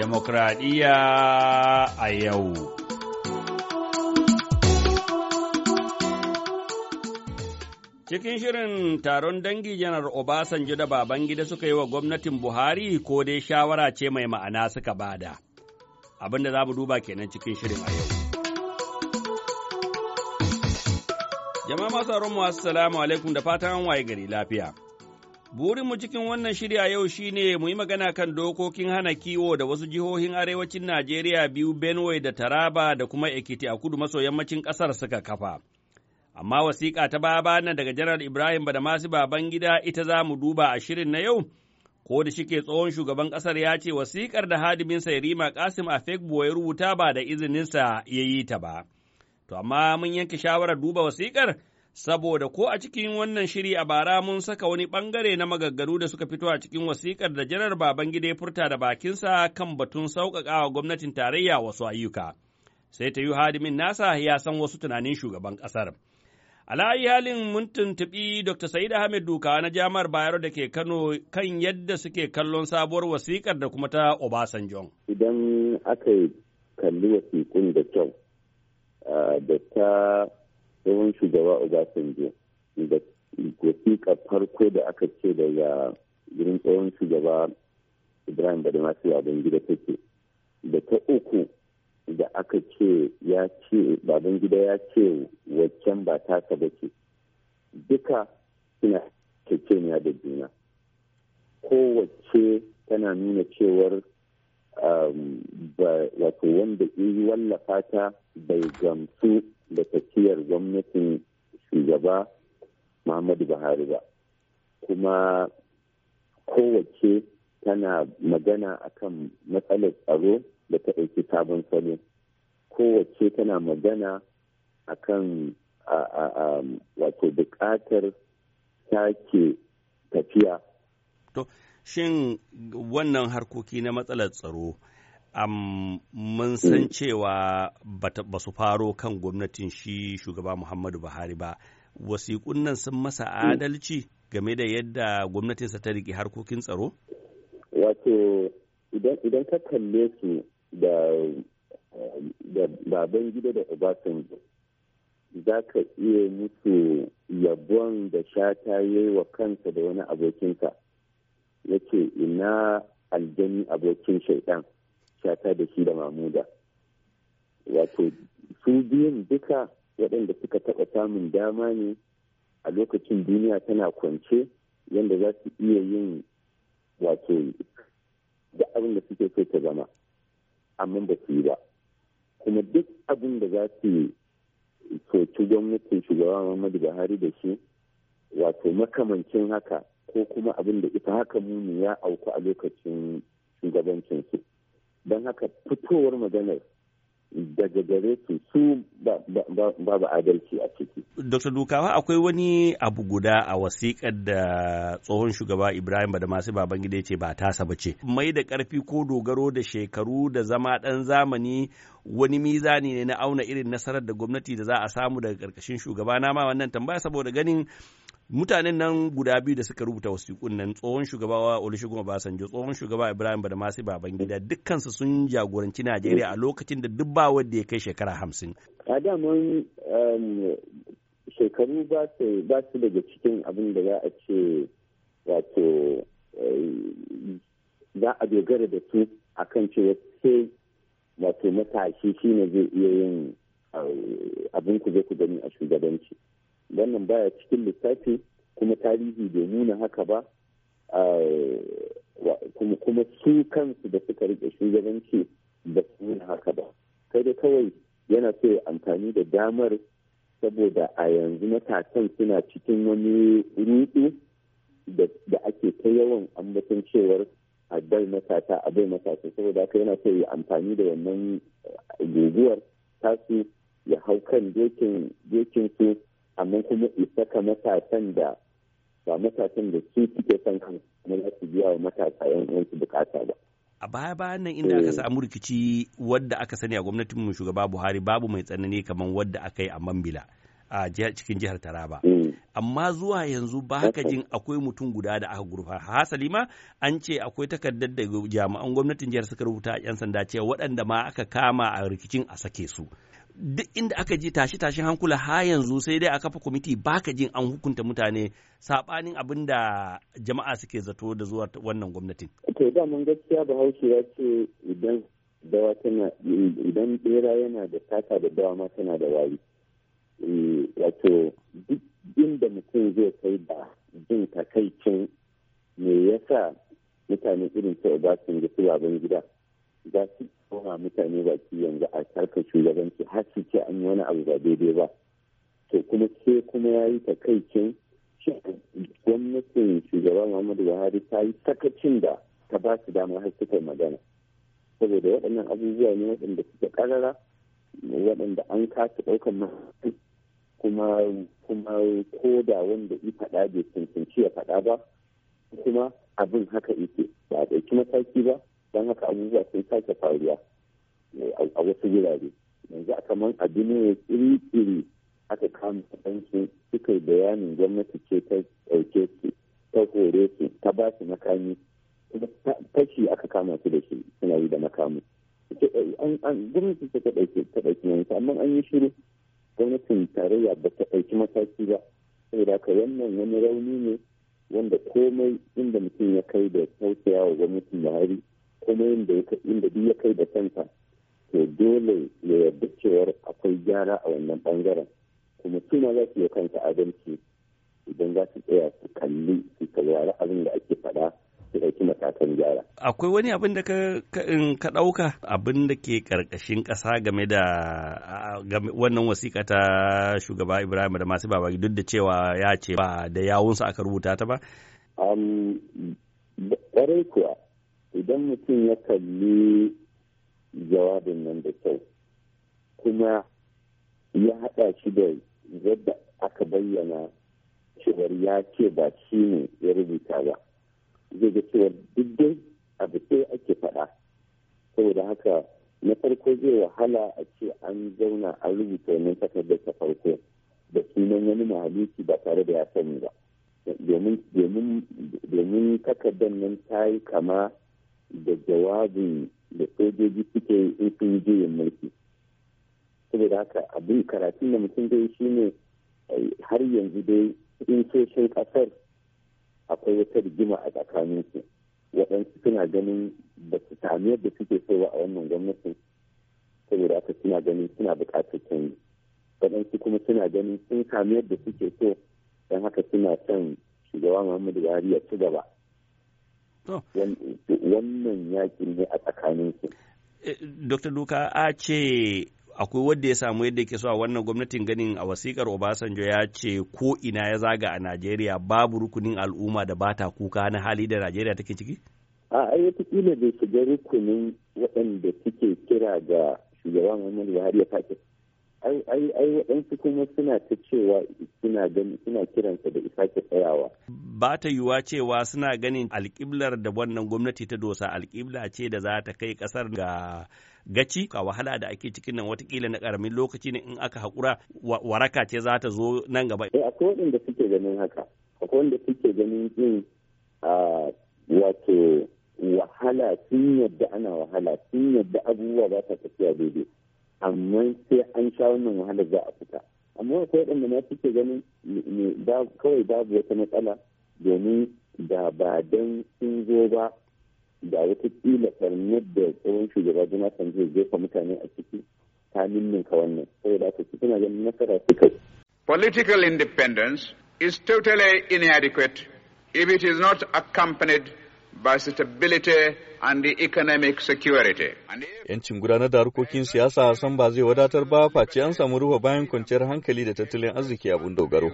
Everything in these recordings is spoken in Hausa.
Demokradiyya a yau. Cikin shirin taron dangi janar Obasanjo da Babangida suka yi wa gwamnatin Buhari ko dai shawara ce mai ma'ana suka bada. Abin da za mu duba kenan cikin shirin a yau. Jama'a masu mu assalamu alaikum da fatan waye gari lafiya. Burinmu cikin wannan shirya yau shi ne mu yi magana kan dokokin hana kiwo da wasu jihohin arewacin Najeriya biyu Benue da Taraba da kuma Ekiti a kudu maso yammacin ƙasar suka kafa. Amma wasiƙa ta baba nan daga Janar Ibrahim Badamasi gida ita za mu duba a shirin na yau, ko da shike tsohon shugaban ƙasar ya ce wasiƙar da hadiminsa Yarima Kasim Afekbuwa ya rubuta ba da izininsa ya yi ta ba. To amma mun yanke shawarar duba wasiƙar saboda ko a cikin wannan shiri a bara mun saka wani ɓangare na magaggaru da suka fito a cikin wasikar da janar Babangida ya furta da bakinsa kan batun sauƙaƙawa gwamnatin tarayya wasu ayyuka. Sai ta yi hadimin nasa ya san wasu tunanin shugaban ƙasar. Alayi halin mun tuntuɓi Dr. Sa'id Ahmed Duka na Jami'ar Bayero da ke Kano kan yadda suke kallon sabuwar wasikar da kuma ta Obasanjo. Idan aka kalli wasiƙun da kyau eh, da ta tsohon shugaba obasanjo da wasiƙa farko da aka ce daga gurin tsohon shugaba ibrahim da masu abin gida take da ta uku da aka ce ya ce baban gida ya ce waccan ba ta ba ce duka suna kekeniya da juna kowace tana nuna cewar um, wato wanda yi wallafa ta bai gamsu da tafiyar gwamnatin shugaba muhammadu buhari ba kuma kowace tana magana akan matsalar tsaro da ta ɗauki sabon salo kowace tana magana akan wato buƙatar sake tafiya to shin wannan harkoki na matsalar tsaro mun san cewa ba su faro kan gwamnatin shi shugaba Muhammadu Buhari ba, wasiƙun nan sun masa adalci game da yadda gwamnatinsa ta riƙe harkokin tsaro? Wato, idan ka kalle su da baban gida da Obasanjo, za ka iya musu yabon da shata ya yi wa kansa da wani abokinsa, yake ina aljani abokin shaidan. shata da shi da mamuda wato su biyun duka waɗanda suka taɓa samun dama ne a lokacin duniya tana kwance yadda za su iya yin wato da abin da suke so ta zama amma ba su yi ba kuma duk abin da za su soci gwamnatin shugaba muhammadu buhari da shi wato makamancin haka ko kuma abin da ita haka muni ya auku a lokacin shugabancinsu don haka fitowar maganar daga gare su su babu adalci a ciki. Dr. Dukawa akwai wani abu guda a wasiƙar da tsohon shugaba Ibrahim da masu babangida ce ba tasa ba ce. Mai da ƙarfi ko dogaro da shekaru da zama ɗan zamani wani mizani ne na auna irin nasarar da gwamnati da za a samu daga ƙarƙashin shugaba na ma wannan tambaya saboda ganin mutanen nan guda biyu da suka rubuta wasiƙun nan tsohon shugaba Olusegun Obasanjo tsohon shugaba Ibrahim baban gida dukkansu sun jagoranci Najeriya a lokacin da duk ba wadda ya kai shekara hamsin. A daman um, shekaru ba su daga cikin abin da za a ce wato eh, za a dogara da su a kan cewa sai wato matashi shine zai iya yin eh, abin ku zai ku gani a shugabanci. wannan baya cikin lissafi kuma tarihi bai nuna haka ba kuma su kansu da suka rike shugabanci ba su nuna haka ba kai da kawai yana so ya amfani da damar saboda a yanzu matasan suna cikin wani rudu da ake ta yawan ambaton cewar a bai matasa a bai matasa saboda haka yana so ya amfani da wannan eh, guguwar tasu ya hau kan dokin su amma kuma isaka matasan da ba matasan da su suke son kan kuma za su biya wa matasa yan uwansu bukata ba. A baya bayan nan inda aka eh. samu rikici wadda aka sani a gwamnatin shugaba Buhari babu mai tsanani kamar wadda aka yi a Mambila. a cikin jihar Taraba. Mm. Amma zuwa yanzu ba haka jin akwai mutum guda da aka gurfa. Hasali ma an ce akwai takardar da jami'an gwamnatin jihar suka rubuta a 'yan sanda cewa waɗanda ma aka kama a rikicin a sake su. duk inda aka ji tashi tashi hankula ha yanzu sai dai a kafa kwamiti baka jin an hukunta mutane sabanin abin da jama'a suke zato da zuwa wannan gwamnatin. To da mun gaskiya Bahaushe ya ce idan dawa tana idan bera yana da taka da dawa ma tana da wari. Eh, wato duk inda mutum zai kai da jin takaicin me yasa mutane irin su Obasanjo su abin gida. za su koma mutane baki yanzu a harkar shugabanci har su ce an yi wani abu ba daidai ba to kuma sai kuma ya yi takaicin gwamnatin shugaba muhammadu buhari ta yi sakacin da ta ba su damar har suka magana saboda waɗannan abubuwa ne waɗanda suke ƙarara waɗanda an kasa ɗaukar mahaifin kuma kuma ko da wanda i faɗa bai cancanci ya faɗa ba kuma abin haka yake ba a ɗauki mataki ba don haka abubuwa sai sake faruwa eh, a wasu wurare yanzu a kamar a duniya tsiri-tsiri aka kama ɗansu suka yi bayanin gwamnati ce ta ɗauke su ta hore su ta ba su makami fashi aka kama su da shi suna yi da makami gwamnati ce ta ɗauke ta ɗauki yanzu amma an yi shiru gwamnatin tarayya ba ta ɗauki mataki ba saboda haka wannan wani rauni ne wanda komai inda mutum ya kai da tausaya wa gwamnatin buhari kuma inda duk ya kai da kanta to dole ya yarda cewar akwai gyara a wannan bangaren kuma suna za su yi kansa adalci idan za su tsaya su kalli su saurari abin da ake faɗa su ɗauki matakan gyara. Akwai wani abin da ka ɗauka abin da ke ƙarƙashin ƙasa game da wannan wasiƙa ta shugaba Ibrahim da masu babagi duk da cewa ya ce ba da yawunsa aka rubuta ta ba? Ƙwarai kuwa idan mutum ya kalli jawabin nan da kyau kuma ya haɗa shi da yadda aka bayyana cewar ya ce ba shi ne ya rubuta ba zai ga cewar duk dai abu sai ake faɗa saboda haka na farko zai wahala a ce an zauna an rubuta wannan takardar ta farko da sunan wani mahalicci ba tare da ya sani ba domin takardar nan ta yi kama da jawabin da sojoji suke yi in sun juyin mulki saboda haka abin karatun da mutum zai shi ne eh, har yanzu dai in soshin kasar akwai wata rigima a su waɗansu suna ganin ba su sami yadda suke so a wannan gwamnati saboda haka suna ganin suna buƙatar canji waɗansu kuma suna ganin sun sami yadda suke so don haka suna son shugaba muhammadu buhari ya ci gaba wannan yaƙi ne a tsakanin su eh, Dr. Duka a ce akwai wadda ya samu yadda ke so a wannan gwamnatin ganin a wasikar Obasanjo ya ce ko ina ya zaga a Najeriya babu rukunin al'umma da bata kuka na hali da Najeriya take ciki? A ayyuka bai shiga rukunin waɗanda suke kira ga shugaban Muhammadu Buhari ya sake ai waɗansu kuma suna ta cewa suna gani suna kiransa da isake tsayawa. Ba ta yiwuwa cewa suna ganin alƙiblar da wannan gwamnati ta dosa alƙibla ce da za ta kai ƙasar ga gaci ka wahala da ake cikin nan watakila na ƙaramin lokaci ne in aka haƙura waraka ce za ta zo nan gaba. Eh akwai waɗanda suke ganin haka akwai waɗanda suke ganin yin wato wahala sun yadda ana wahala sun yadda abubuwa ba ta tafiya daidai. amma sai an sha wannan wahalar za a fita amma waɗanda na suke ganin kawai babu wata matsala domin da ba don sun zo ba da wata da tsohon shugaba jonathan zai jefa mutane a ciki ta ninninka wannan aka suna ganin nasara su kai. political independence is totally inadequate if it is not accompanied by stability and the economic security. Yancin gudanar da harkokin siyasa san ba zai wadatar ba face an samu ruwa bayan kwanciyar hankali da tattalin arziki abun dogaro.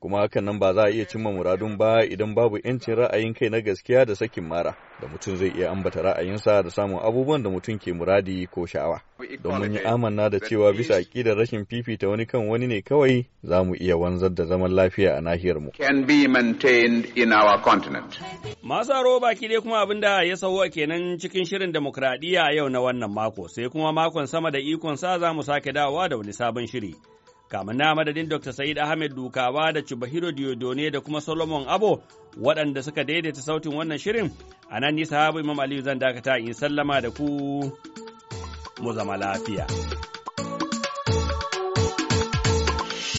kuma hakan nan ba za a iya cimma muradun ba idan babu yancin ra'ayin kai na gaskiya da sakin mara da mutum zai iya ambata ra'ayinsa da samun abubuwan da mutum ke muradi ko sha'awa don mun yi amanna da cewa bisa aƙidar rashin fifita wani kan wani ne kawai za mu iya wanzar da zaman lafiya a nahiyar mu can be maintained in our continent masu aro baki dai kuma abin da ya sauwa kenan cikin shirin demokradiyya yau na wannan mako sai kuma makon sama da ikon sa za mu sake dawowa da wani sabon shiri Kamin na madadin Dr. Sa'id Ahmed Dukawa da Chubahiro Diodone da kuma Solomon Abo waɗanda suka daidaita sautin wannan shirin, a nan nisa Imam Aliyu zan dakata in sallama da ku mu zama lafiya.